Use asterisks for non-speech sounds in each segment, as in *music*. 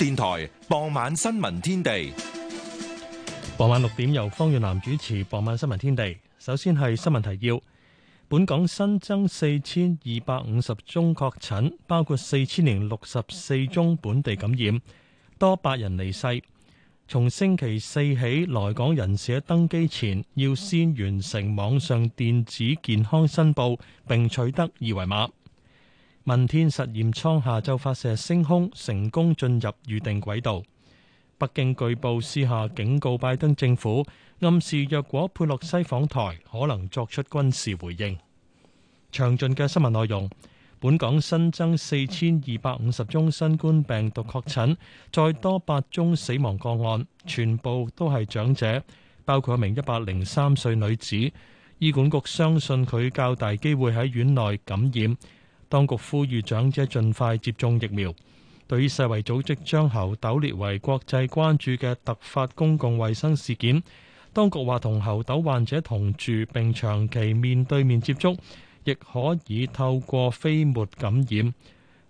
電台傍晚新聞天地，傍晚六點由方遠南主持。傍晚新聞天，天地，首先係新聞提要。本港新增四千二百五十宗確診，包括四千零六十四宗本地感染，多百人離世。從星期四起，來港人士喺登機前要先完成網上電子健康申報，並取得二維碼。問天實驗艙下晝發射升空，成功進入預定軌道。北京據報私下警告拜登政府，暗示若果佩洛西訪台，可能作出軍事回應。詳盡嘅新聞內容。本港新增四千二百五十宗新冠病毒確診，再多八宗死亡個案，全部都係長者，包括一名一百零三歲女子。醫管局相信佢較大機會喺院內感染。當局呼籲長者盡快接種疫苗。對於世衛組織將猴痘列為國際關注嘅突發公共衛生事件，當局話同猴痘患者同住並長期面對面接觸，亦可以透過飛沫感染。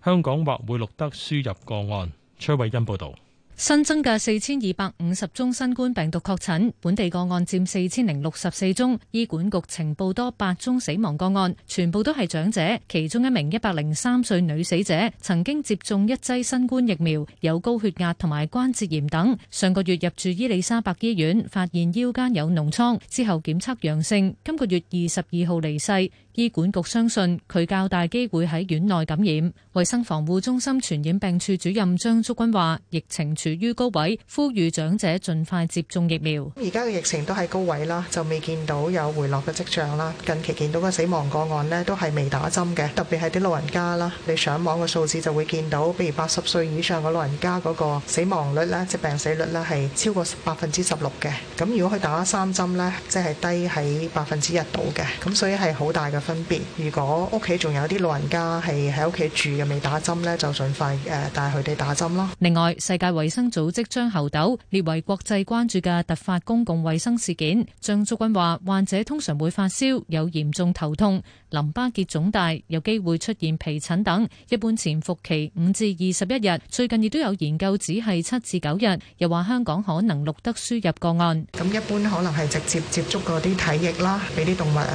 香港或會錄得輸入個案。崔偉欣報導。新增嘅四千二百五十宗新冠病毒確診，本地個案佔四千零六十四宗。醫管局呈報多八宗死亡個案，全部都係長者，其中一名一百零三歲女死者曾經接種一劑新冠疫苗，有高血壓同埋關節炎等。上個月入住伊利沙伯醫院，發現腰間有膿瘡之後檢測陽性，今個月二十二號離世。醫管局相信佢較大機會喺院內感染。衛生防護中心傳染病處主任張竹君話，疫情處於高位，呼籲長者盡快接種疫苗。而家嘅疫情都係高位啦，就未見到有回落嘅跡象啦。近期見到嘅死亡個案呢，都係未打針嘅，特別係啲老人家啦。你上網嘅數字就會見到，比如八十歲以上嘅老人家嗰個死亡率咧，即病死率咧係超過百分之十六嘅。咁如果佢打三針呢，即係低喺百分之一度嘅。咁所以係好大嘅。分如果屋企仲有啲老人家係喺屋企住又未打針呢，就盡快誒帶佢哋打針咯。另外，世界衛生組織將猴痘列為國際關注嘅突發公共衛生事件。張竹君話：患者通常會發燒，有嚴重頭痛、淋巴結腫大，有機會出現皮疹等。一般潛伏期五至二十一日，最近亦都有研究只係七至九日。又話香港可能錄得輸入個案。咁一般可能係直接接觸嗰啲體液啦，俾啲動物誒咬、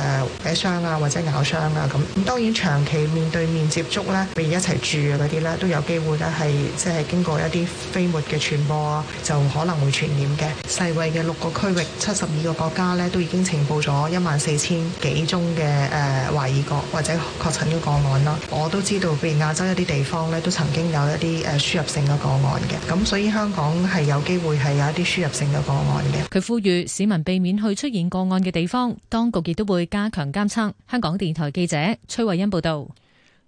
呃、傷啊，或者，咬傷啊咁，咁當然長期面對面接觸咧，譬如一齊住嗰啲咧，都有機會咧係即係經過一啲飛沫嘅傳播啊，就可能會傳染嘅。世衛嘅六個區域七十二個國家咧，都已經呈報咗一萬四千幾宗嘅誒懷疑個或者確診嘅個案啦。我都知道，譬如亞洲一啲地方咧，都曾經有一啲誒輸入性嘅個案嘅，咁所以香港係有機會係有一啲輸入性嘅個案嘅。佢呼籲市民避免去出現個案嘅地方，當局亦都會加強監測香港。港電台記者崔慧欣報道，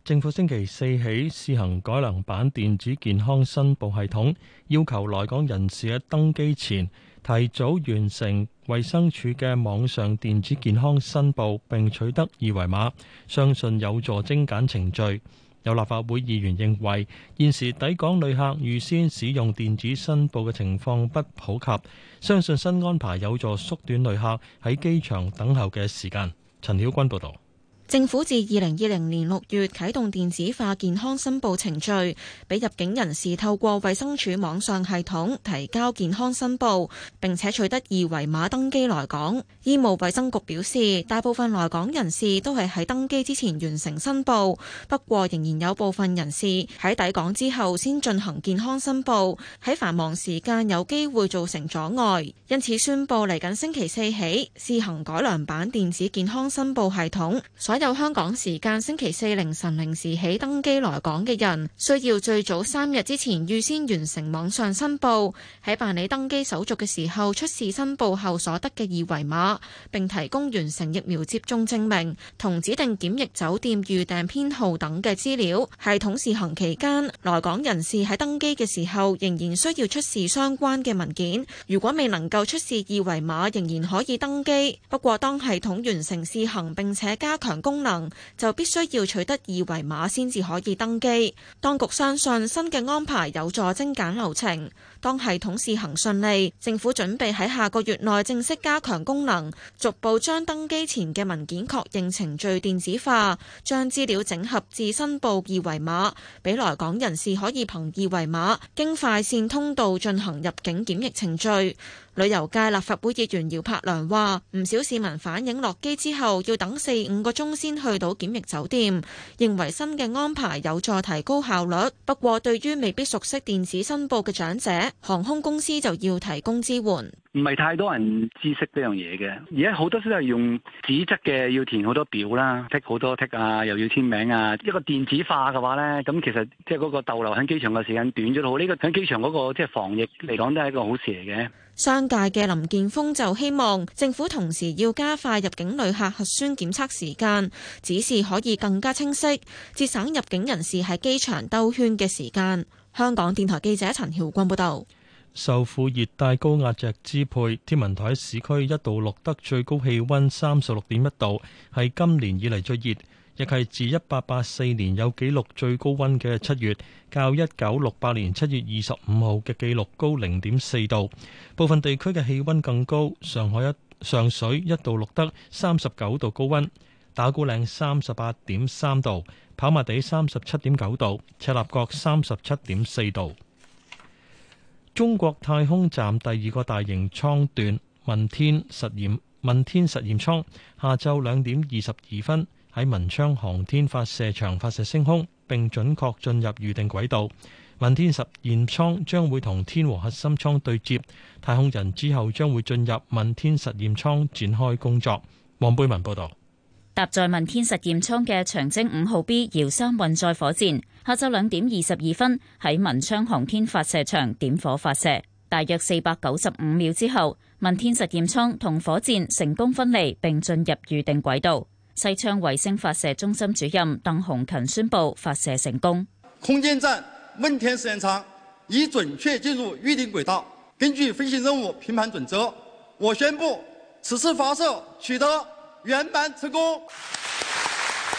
政府星期四起試行改良版電子健康申報系統，要求來港人士喺登機前提早完成衛生署嘅網上電子健康申報，並取得二維碼，相信有助精簡程序。有立法會議員認為，現時抵港旅客預先使用電子申報嘅情況不普及，相信新安排有助縮短旅客喺機場等候嘅時間。陳曉君報道。政府自二零二零年六月啟動電子化健康申報程序，俾入境人士透過衛生署網上系統提交健康申報，並且取得二維碼登機來港。醫務衛生局表示，大部分來港人士都係喺登機之前完成申報，不過仍然有部分人士喺抵港之後先進行健康申報，喺繁忙時間有機會造成阻礙，因此宣布嚟緊星期四起試行改良版電子健康申報系統。所有香港時間星期四凌晨零時起登機來港嘅人，需要最早三日之前預先完成網上申報。喺辦理登機手續嘅時候，出示申報後所得嘅二維碼，並提供完成疫苗接種證明同指定檢疫酒店預訂編號等嘅資料。系統試行期間，來港人士喺登機嘅時候仍然需要出示相關嘅文件。如果未能夠出示二維碼，仍然可以登機。不過當系統完成試行並且加強，功能就必須要取得二維碼先至可以登機，當局相信新嘅安排有助精簡流程。當系統試行順利，政府準備喺下個月內正式加強功能，逐步將登機前嘅文件確認程序電子化，將資料整合至申報二維碼，俾來港人士可以憑二維碼經快線通道進行入境檢疫程序。旅遊界立法會議員姚柏良話：唔少市民反映落機之後要等四五個鐘先去到檢疫酒店，認為新嘅安排有助提高效率。不過，對於未必熟悉電子申報嘅長者，航空公司就要提供支援，唔係太多人知識呢樣嘢嘅。而家好多都係用紙質嘅，要填好多表啦，tick 好多 tick 啊，又要簽名啊。一個電子化嘅話咧，咁其實即係嗰個逗留喺機場嘅時間短咗好多，呢個喺機場嗰個即係防疫嚟講都係一個好事嚟嘅。商界嘅林建峰就希望政府同時要加快入境旅客核酸檢測時間，指示可以更加清晰，節省入境人士喺機場兜圈嘅時間。香港電台記者陳曉君報道。受副熱帶高壓脊支配，天文台市區一度錄得最高氣溫三十六點一度，係今年以嚟最熱，亦係自一八八四年有紀錄最高溫嘅七月，較一九六八年七月二十五號嘅紀錄高零點四度。部分地區嘅氣溫更高，上海一上水一度錄得三十九度高溫。打鼓嶺三十八點三度，跑馬地三十七點九度，赤鱲角三十七點四度。中國太空站第二個大型艙段問天實驗問天實驗艙下晝兩點二十二分喺文昌航天發射場發射升空，並準確進入預定軌道。問天實驗艙將會同天和核心艙對接，太空人之後將會進入問天實驗艙展開工作。黃貝文報道。搭載問天實驗艙嘅長征五號 B 遙三運載火箭，下晝兩點二十二分喺文昌航天發射場點火發射，大約四百九十五秒之後，問天實驗艙同火箭成功分離並進入預定軌道。西昌衛星發射中心主任鄧洪勤宣布發射成功。空間站問天實驗艙已準確進入預定軌道，根據飛行任務評判準則，我宣布此次發射取得。圓滿成功。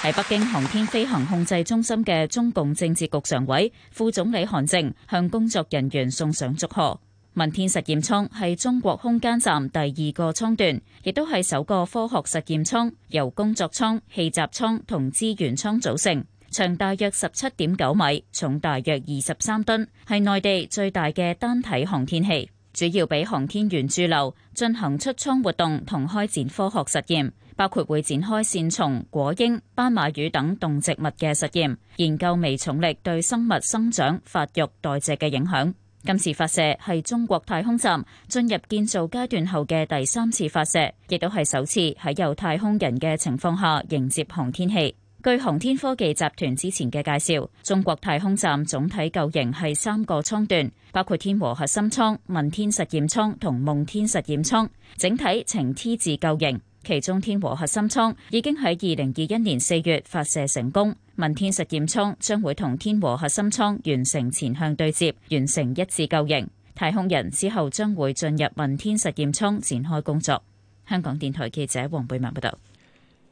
喺北京航天飛行控制中心嘅中共政治局常委、副總理韓正向工作人員送上祝賀。問天實驗艙係中國空間站第二個艙段，亦都係首個科學實驗艙，由工作艙、氣閘艙同資源艙組成，長大約十七點九米，重大約二十三噸，係內地最大嘅單體航天器，主要俾航天員駐留、進行出艙活動同開展科學實驗。包括會展開線蟲、果蠅、斑馬魚等動植物嘅實驗，研究微重力對生物生長、發育、代謝嘅影響。今次發射係中國太空站進入建造階段後嘅第三次發射，亦都係首次喺有太空人嘅情況下迎接航天器。據航天科技集團之前嘅介紹，中國太空站總體構型係三個艙段，包括天和核心艙、問天實驗艙同夢天實驗艙，整體呈 T 字構型。其中天和核心艙已經喺二零二一年四月發射成功，問天實驗艙將會同天和核心艙完成前向對接，完成一致構型。太空人之後將會進入問天實驗艙展開工作。香港電台記者黃貝文報道。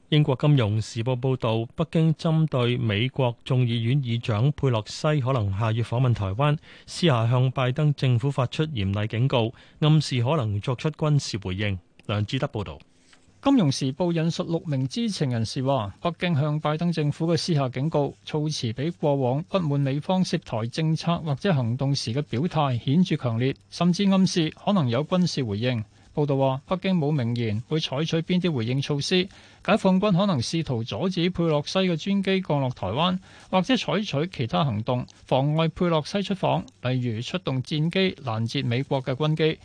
英國金融時報報道，北京針對美國眾議院議長佩洛西可能下月訪問台灣，私下向拜登政府發出嚴厲警告，暗示可能作出軍事回應。梁志德報道。《金融時報》引述六名知情人士話，北京向拜登政府嘅私下警告措辭比過往不滿美方涉台政策或者行動時嘅表態顯著強烈，甚至暗示可能有軍事回應報道話，北京冇明言會採取邊啲回應措施，解放軍可能試圖阻止佩洛西嘅專機降落台灣或者採取其他行動妨礙佩洛西出訪，例如出動戰機攔截美國嘅軍機。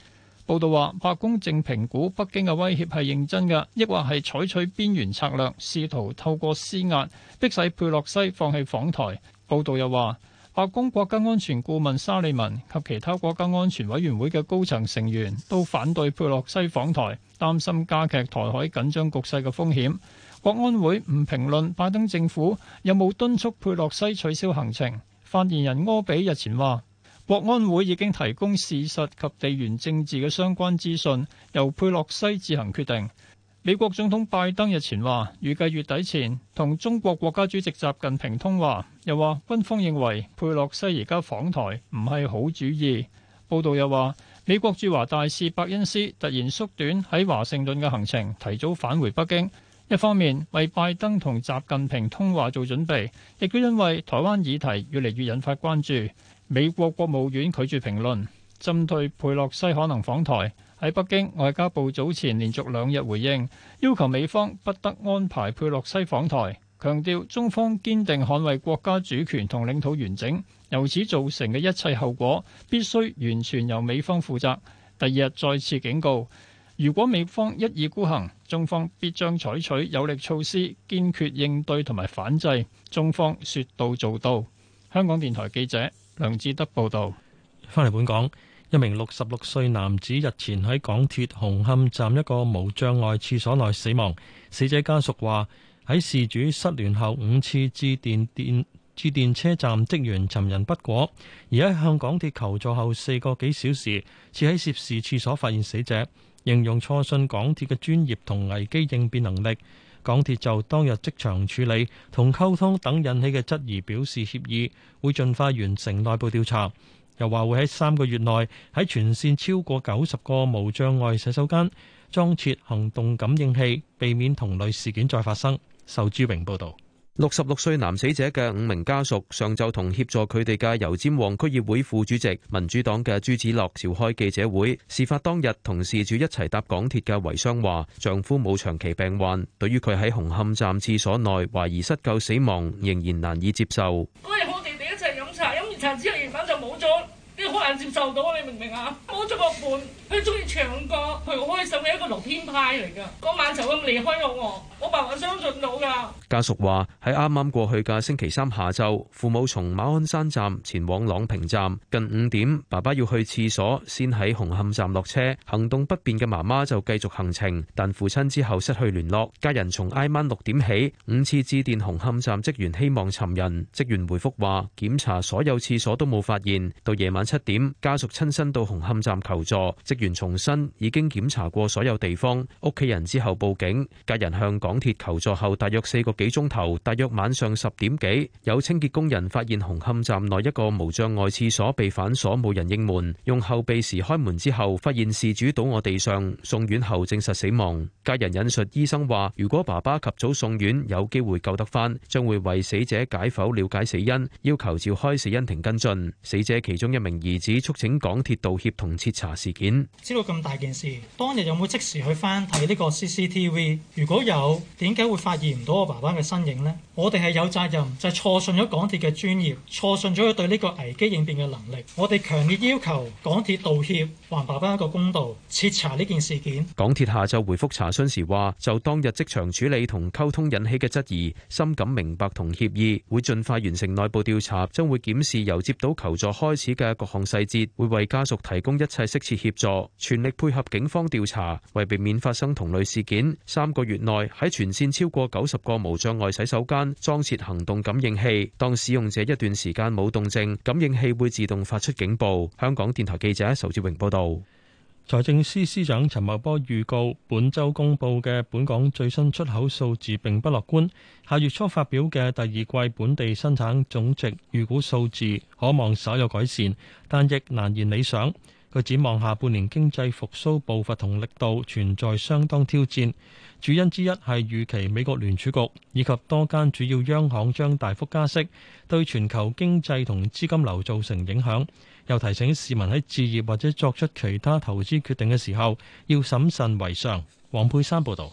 報道話，白宮正評估北京嘅威脅係認真嘅，抑或係採取邊緣策略，試圖透過施壓逼使佩洛西放棄訪台。報道又話，白宮國家安全顧問沙利文及其他國家安全委員會嘅高層成員都反對佩洛西訪台，擔心加劇台海緊張局勢嘅風險。國安會唔評論拜登政府有冇敦促佩洛西取消行程。發言人柯比日前話：國安會已經提供事實及地緣政治嘅相關資訊，由佩洛西自行決定。美國總統拜登日前話，預計月底前同中國國家主席習近平通話。又話軍方認為佩洛西而家訪台唔係好主意。報道又話，美國駐華大使伯恩斯突然縮短喺華盛頓嘅行程，提早返回北京。一方面為拜登同習近平通話做準備，亦都因為台灣議題越嚟越引發關注。美國國務院拒絕評論，針對佩洛西可能訪台。喺北京，外交部早前連續兩日回應，要求美方不得安排佩洛西訪台，強調中方堅定捍衛國家主權同領土完整，由此造成嘅一切後果必須完全由美方負責。第二日再次警告。如果美方一意孤行，中方必將採取有力措施，堅決應對同埋反制。中方說到做到。香港電台記者梁志德報道。翻嚟本港，一名六十六歲男子日前喺港鐵紅磡站一個無障礙廁所內死亡。死者家屬話喺事主失聯後五次致電電致電車站職員尋人不果，而喺向港鐵求助後四個幾小時，先喺涉事廁所發現死者。形容錯信港鐵嘅專業同危機應變能力，港鐵就當日即場處理同溝通等引起嘅質疑，表示協議會盡快完成內部調查，又話會喺三個月內喺全線超過九十個無障礙洗手間裝設行動感應器，避免同類事件再發生。仇志榮報導。六十六歲男死者嘅五名家屬上晝同協助佢哋嘅油尖旺區議會副主席民主黨嘅朱子洛召開記者會。事發當日同事主一齊搭港鐵嘅遺孀話，丈夫冇長期病患，對於佢喺紅磡站廁所內懷疑失救死亡，仍然難以接受。接受到你明唔明啊？我做個伴，佢中意唱歌，佢開心嘅一個樂天派嚟噶。嗰晚就咁離開我，我爸爸相信唔到噶。家屬話喺啱啱過去嘅星期三下晝，父母從馬鞍山站前往朗屏站，近五點，爸爸要去廁所，先喺紅磡站落車。行動不便嘅媽媽就繼續行程，但父親之後失去聯絡，家人從挨晚六點起五次致電紅磡站職員，希望尋人。職員回覆話，檢查所有廁所都冇發現。到夜晚七點。家屬親身到紅磡站求助，職員重申已經檢查過所有地方。屋企人之後報警，家人向港鐵求助後，大約四個幾鐘頭，大約晚上十點幾，有清潔工人發現紅磡站內一個無障礙廁所被反鎖，冇人應門，用後備匙開門之後，發現事主倒臥地上，送院後證實死亡。家人引述醫生話：如果爸爸及早送院，有機會救得翻。將會為死者解剖，了解死因，要求召開死因庭跟進。死者其中一名兒子，促請港鐵道歉同徹查事件。知道咁大件事，當日有冇即時去翻睇呢個 CCTV？如果有，點解會發現唔到我爸爸嘅身影呢？我哋係有責任，就係錯信咗港鐵嘅專業，錯信咗佢對呢個危機應變嘅能力。我哋強烈要求港鐵道歉，還爸爸一個公道，徹查呢件事件。港鐵下晝回覆查詢時話：就當日即場處理同溝通引起嘅質疑，深感明白同歉意，會盡快完成內部調查，將會檢視由接到求助開始嘅各項細節會為家屬提供一切適切協助，全力配合警方調查。為避免發生同類事件，三個月內喺全綫超過九十個無障礙洗手間裝設行動感應器，當使用者一段時間冇動靜，感應器會自動發出警報。香港電台記者仇志榮報道。財政司司長陳茂波預告，本周公布嘅本港最新出口數字並不樂觀。下月初發表嘅第二季本地生產總值預估數字，可望稍有改善，但亦難言理想。佢展望下半年經濟復蘇步伐同力度存在相當挑戰，主因之一係預期美國聯儲局以及多間主要央、央行將大幅加息，對全球經濟同資金流造成影響。又提醒市民喺置業或者作出其他投資決定嘅時候，要審慎為上。黃佩珊報道，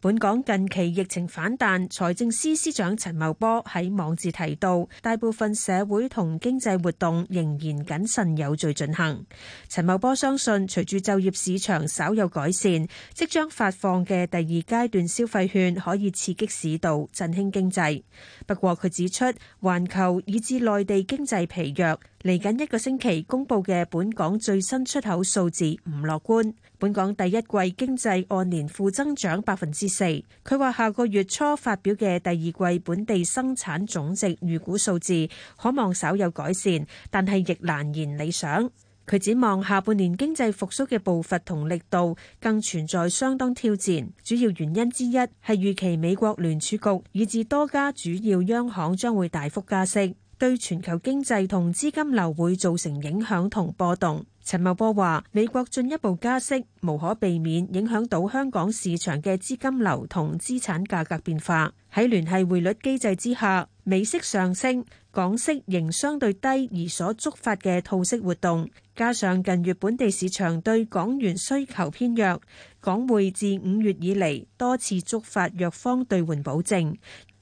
本港近期疫情反彈，財政司司長陳茂波喺網誌提到，大部分社會同經濟活動仍然謹慎有序進行。陳茂波相信，隨住就業市場稍有改善，即將發放嘅第二階段消費券可以刺激市道，振興經濟，不過，佢指出，環球以至內地經濟疲弱。嚟緊一個星期，公布嘅本港最新出口數字唔樂觀。本港第一季經濟按年負增長百分之四。佢話，下個月初發表嘅第二季本地生產總值預估數字，可望稍有改善，但係亦難言理想。佢展望下半年經濟復甦嘅步伐同力度，更存在相當挑戰。主要原因之一係預期美國聯儲局以至多家主要央行將會大幅加息。對全球經濟同資金流會造成影響同波動。陳茂波話：美國進一步加息，無可避免影響到香港市場嘅資金流同資產價格變化。喺聯繫匯率機制之下，美息上升，港息仍相對低，而所觸發嘅套息活動，加上近月本地市場對港元需求偏弱，港匯自五月以嚟多次觸發弱方兌換保證。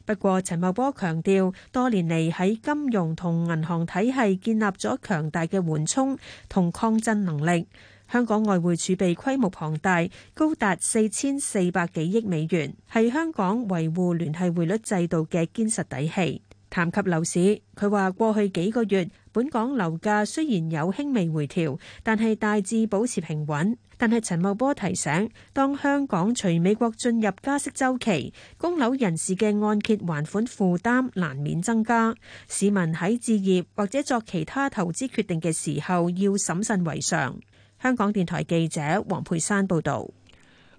不過，陳茂波強調，多年嚟喺金融同銀行體系建立咗強大嘅緩衝同抗震能力。香港外匯儲備規模龐大，高達四千四百幾億美元，係香港維護聯繫匯率制度嘅堅實底氣。談及樓市，佢話：過去幾個月，本港樓價雖然有輕微回調，但係大致保持平穩。但係陳茂波提醒，當香港隨美國進入加息周期，供樓人士嘅按揭還款負擔難免增加，市民喺置業或者作其他投資決定嘅時候要審慎為上。香港電台記者黃佩珊報導。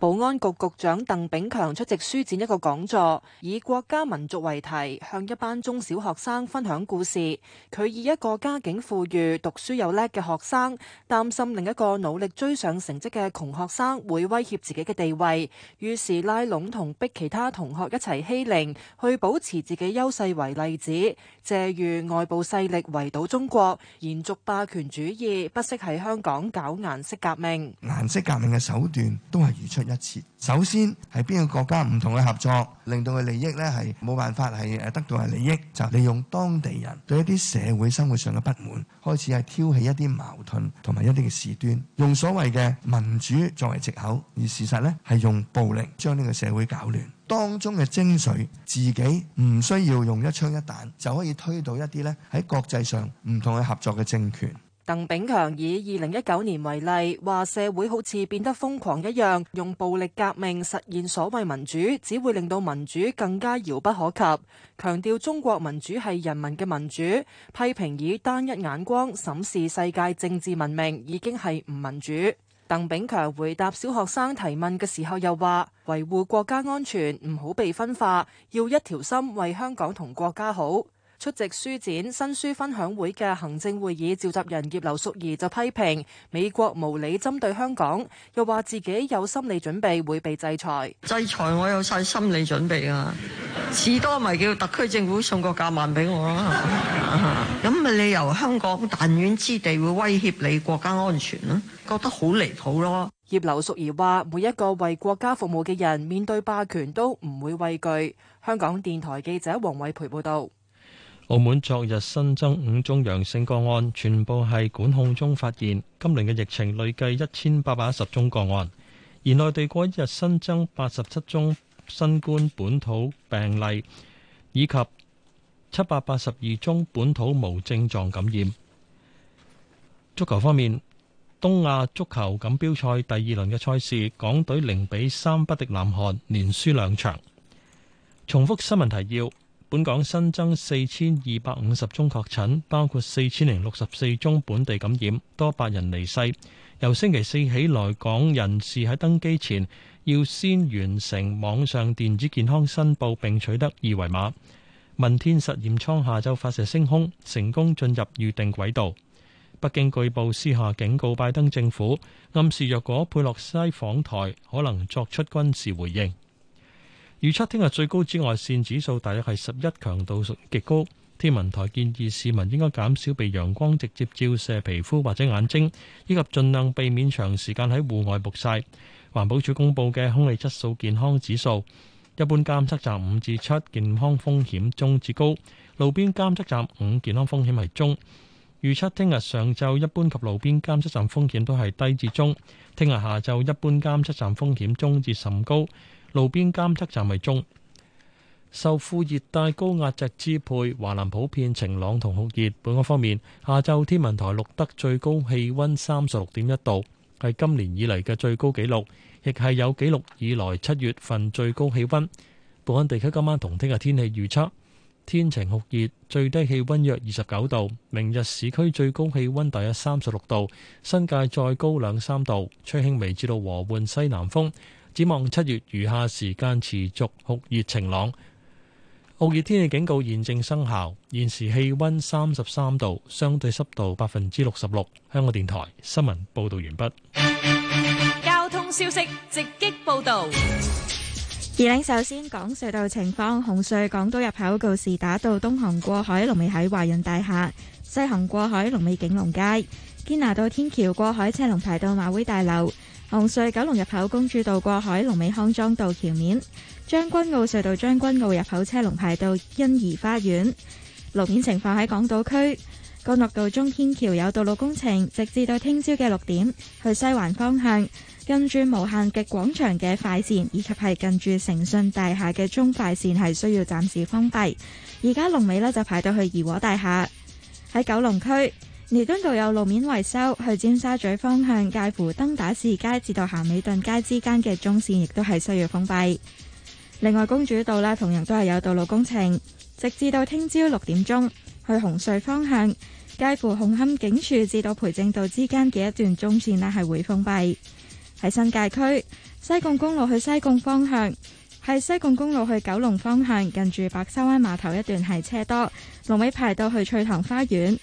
保安局局長鄧炳強出席書展一個講座，以國家民族為題，向一班中小學生分享故事。佢以一個家境富裕、讀書又叻嘅學生，擔心另一個努力追上成績嘅窮學生會威脅自己嘅地位，於是拉攏同逼其他同學一齊欺凌，去保持自己優勢為例子。借喻外部勢力圍堵中國，延續霸權主義，不惜喺香港搞顏色革命。顏色革命嘅手段都係如出一，首先係邊個國家唔同嘅合作，令到佢利益呢係冇辦法係得到嘅利益，就是利用當地人對一啲社會生活上嘅不滿，開始係挑起一啲矛盾同埋一啲嘅事端，用所謂嘅民主作為藉口，而事實呢係用暴力將呢個社會搞亂，當中嘅精髓，自己唔需要用一槍一彈就可以推到一啲呢喺國際上唔同嘅合作嘅政權。鄧炳強以二零一九年為例，話社會好似變得瘋狂一樣，用暴力革命實現所謂民主，只會令到民主更加遙不可及。強調中國民主係人民嘅民主，批評以單一眼光審視世界政治文明已經係唔民主。鄧炳強回答小學生提問嘅時候，又話維護國家安全唔好被分化，要一條心為香港同國家好。出席書展新書分享會嘅行政會議召集人葉劉淑儀就批評美國無理針對香港，又話自己有心理準備會被制裁。制裁我有晒心理準備啊，至多咪叫特區政府送個夾萬俾我囉。咁咪 *laughs* 你由香港彈丸之地會威脅你國家安全囉，覺得好離譜咯。葉劉淑儀話：每一個為國家服務嘅人面對霸權都唔會畏懼。香港電台記者黃偉培報導。澳門昨日新增五宗陽性個案，全部係管控中發現。今年嘅疫情累計一千八百一十宗個案，而內地過一日新增八十七宗新冠本土病例，以及七百八十二宗本土無症狀感染。足球方面，東亞足球錦標賽第二輪嘅賽事，港隊零比三不敵南韓，連輸兩場。重複新聞提要。本港新增四千二百五十宗確診，包括四千零六十四宗本地感染，多八人離世。由星期四起，來港人士喺登機前要先完成網上電子健康申報並取得二維碼。問天實驗艙下晝發射升空，成功進入預定軌道。北京據報私下警告拜登政府，暗示若果佩洛西訪台，可能作出軍事回應。預測聽日最高紫外線指數大約係十一，強度屬極高。天文台建議市民應該減少被陽光直接照射皮膚或者眼睛，以及盡量避免長時間喺戶外曝晒。環保署公布嘅空氣質素健康指數，一般監測站五至七，健康風險中至高；路邊監測站五，健康風險係中。預測聽日上晝一般及路邊監測站風險都係低至中，聽日下晝一般監測站風險中至甚高。路邊監測站為中，受副熱帶高壓脊支配，華南普遍晴朗同酷熱。本港方面，下晝天文台錄得最高氣溫三十六點一度，係今年以嚟嘅最高紀錄，亦係有紀錄以來七月份最高氣溫。本港地區今晚同聽日天氣預測：天晴酷熱，最低氣溫約二十九度；明日市區最高氣溫大約三十六度，新界再高兩三度，吹輕微至到和緩西南風。展望七月餘下時間持續酷熱晴朗，酷熱天氣警告現正生效。現時氣温三十三度，相對濕度百分之六十六。香港電台新聞報道完畢。交通消息直擊報道：而領首先講隧道情況，紅隧港島入口告士打道東行過海龍尾喺華潤大廈，西行過海龍尾景隆街。堅拿道天橋過海車龍排到馬會大樓。紅隧九龍入口公主道過海，龍尾康莊道橋面；將軍澳隧道將軍澳入口車龍排到欣怡花園。路面情況喺港島區，干諾道中天橋有道路工程，直至到聽朝嘅六點。去西環方向，近住無限極廣場嘅快線，以及係近住誠信大廈嘅中快線係需要暫時封閉。而家龍尾呢，就排到去怡和大廈喺九龍區。彌敦道有路面維修，去尖沙咀方向介乎登打士街至到咸美頓街之間嘅中線，亦都係需要封閉。另外，公主道啦，同樣都係有道路工程，直至到聽朝六點鐘，去紅隧方向介乎紅磡警署至到培正道之間嘅一段中線咧係會封閉。喺新界區西貢公路去西貢方向，喺西貢公路去九龍方向近住白沙灣碼頭一段係車多，龍尾排到去翠塘花園。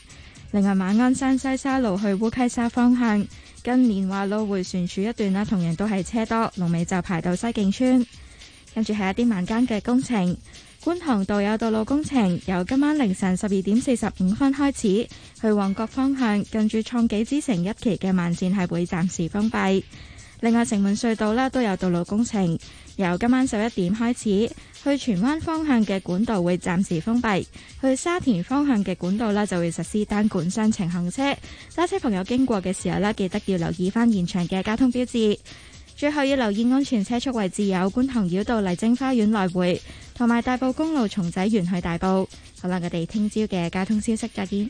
另外，馬鞍山西沙路去烏溪沙方向，近年華路回旋處一段啊，同樣都係車多，龍尾就排到西徑村。跟住係一啲晚間嘅工程，觀塘道有道路工程，由今晚凌晨十二點四十五分開始，去旺角方向，近住創紀之城一期嘅慢綫係會暫時封閉。另外，城門隧道啦都有道路工程，由今晚十一點開始，去荃灣方向嘅管道會暫時封閉，去沙田方向嘅管道啦就會實施單管雙程行車。揸車朋友經過嘅時候咧，記得要留意翻現場嘅交通標誌。最後要留意安全車速位置有觀塘繞道麗晶花園來回，同埋大埔公路松仔園去大埔。好啦，我哋聽朝嘅交通消息再見。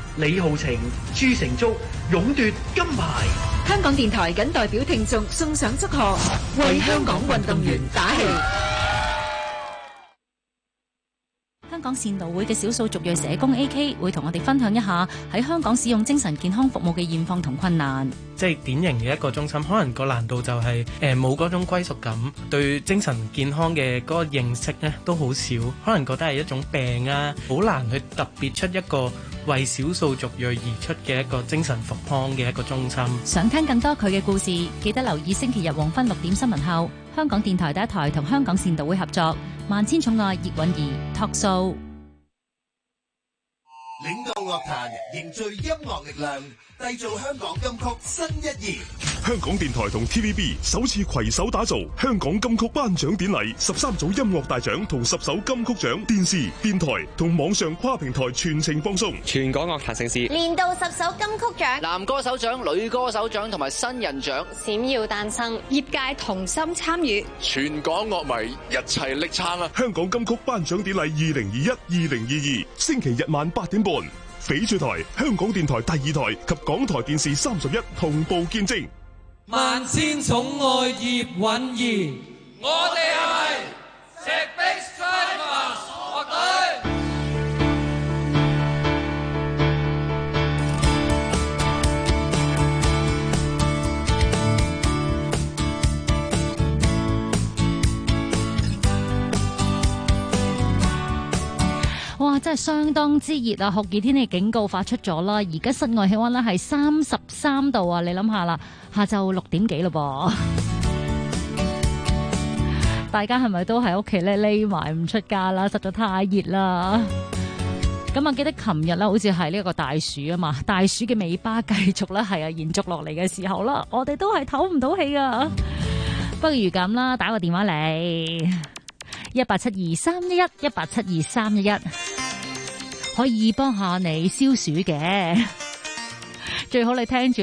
李浩晴、朱成竹勇奪金牌。香港電台謹代表聽眾送上祝賀，為香港運動員打氣。善道會嘅少數族裔社工 AK 會同我哋分享一下喺香港使用精神健康服務嘅現況同困難。即係典型嘅一個中心，可能個難度就係誒冇嗰種歸屬感，對精神健康嘅嗰個認識咧都好少，可能覺得係一種病啊，好難去特別出一個為少數族裔而出嘅一個精神復康嘅一個中心。想聽更多佢嘅故事，記得留意星期日黃昏六點新聞後。香港電台第一台同香港善導會合作，《萬千寵愛》葉韻儀 Talk Show。領導樂壇，凝聚音樂力量，締造香港金曲新一頁。香港電台同 TVB 首次攜手打造香港金曲頒獎典禮，十三組音樂大獎同十首金曲獎，電視、電台同網上跨平台全程放送，全港樂壇盛事。年度十首金曲獎、男歌手獎、女歌手獎同埋新人獎閃耀誕生，業界同心參與，全港樂迷一齊力撐啊！香港金曲頒獎典禮二零二一、二零二二，星期日晚八點半，翡翠台、香港電台第二台及港台電視三十一同步見證。萬千寵愛，葉韻儀，我哋係石。石相當之熱啊！酷熱天氣警告發出咗啦。而家室外氣溫呢係三十三度啊！你諗下啦，下晝六點幾咯噃？ *laughs* 大家係咪都喺屋企咧，匿埋唔出家啦？實在太熱啦！咁啊，記得琴日咧好似係呢一個大暑啊嘛，大暑嘅尾巴繼續咧係啊延續落嚟嘅時候啦。我哋都係唞唔到氣啊！ *laughs* 不如咁啦，打個電話嚟一八七二三一一一八七二三一一。可以幫下你消暑嘅。 *laughs* 最好你聽住。